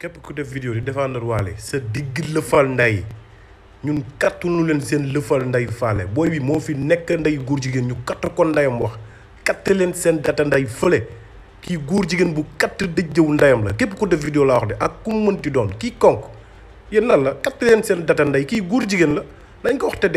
képp ku def vidéo di défendre Wally sa digg lëfal ndey ñun kattanu leen seen lëfal ndey faale booy bi moo fi nekk ndey góor jigéen ñu katt ko ndeyam wax katt leen seen data ndey fële kii góor jigéen bu katt dëjjëwul ndeyam la képp ku def vidéo laa wax de ak ku mënti doon kii konk yéen lan la katt leen seen data ndey kii góor jigéen la dañ ko wax te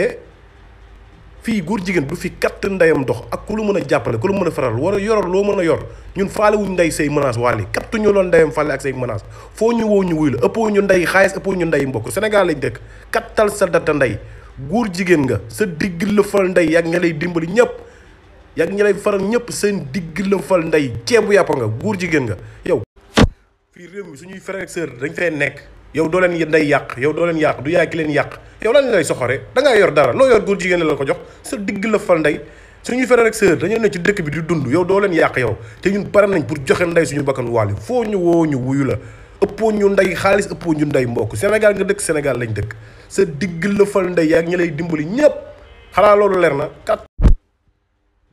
fii góor jigéen du fi katt ndeyam dox ak ku lu mën a jàppale ku lu mën a faral war a yoral loo mën a yor ñun faale wuñ ndey say menace waale katt ñu loon ndeyam faale ak say menace foo ñu woo la ëppoo ñu ndey xaalis ëppoo ñu ndey mbokk Sénégal lañ dëkk kattal sa data ndey góor jigéen nga sa digg la fal ndey yak ña lay dimbali ñëpp yak ña faral ñëpp seen digg la fal ndey ceebu yàpp nga góor jigéen nga yow fii réew mi suñuy frères ak sœurs dañ fee nekk yow doo leen ndey yàq yow doo leen yàq du yaay leen yàq yow lan lay soxore da ngaa yor dara loo yor góor jigéen la ko jox sa digg la fal ndey ñu frère rek sœur dañu ne ci dëkk bi di dund yow doo leen yàq yow te ñun pare nañ pour joxe ndey suñu bakkan waali foo ñu woo ñu wuyu la ëppoo ñu ndey xaalis ëppoo ñu ndey mbokk Sénégal nga dëkk Sénégal lañ dëkk sa digg la fal ndey yaag ñi dimbali ñëpp xanaa loolu leer na kat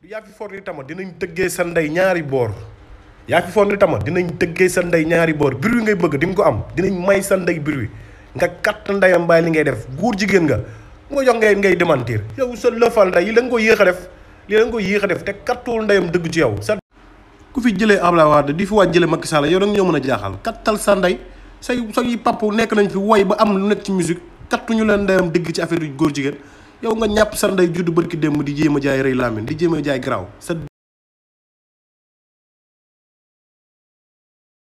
yaa fi foor tama dinañ tëggee sa ndey ñaari boor yaa fi foor li tama dinañ tëggee sa ndey ñaari boor bruit ngay bëgg di ko am dinañ may sa ndey bruit nga kat ndayam bàyyi li ngay def góor jigéen nga nga jox ngay ngay démentir yow sa lëfal nday yi la nga ko yéex a def li la nga ko yéex a def te kattul ndayam dëgg ci yow sa ku fi jëlee Abdoulaye Wade di fi waaj jëlee Macky Sall yow da nga ñoo mën a jaaxal kattal sa nday say say papp nekk nañ fi woy ba am lu nekk ci musique kattuñu leen ndayam dëgg ci affaire góor jigéen yow nga ñàpp sa ndey juddu bërki démb di jéem a jaay rëy laamin di jéem jaay garaaw sa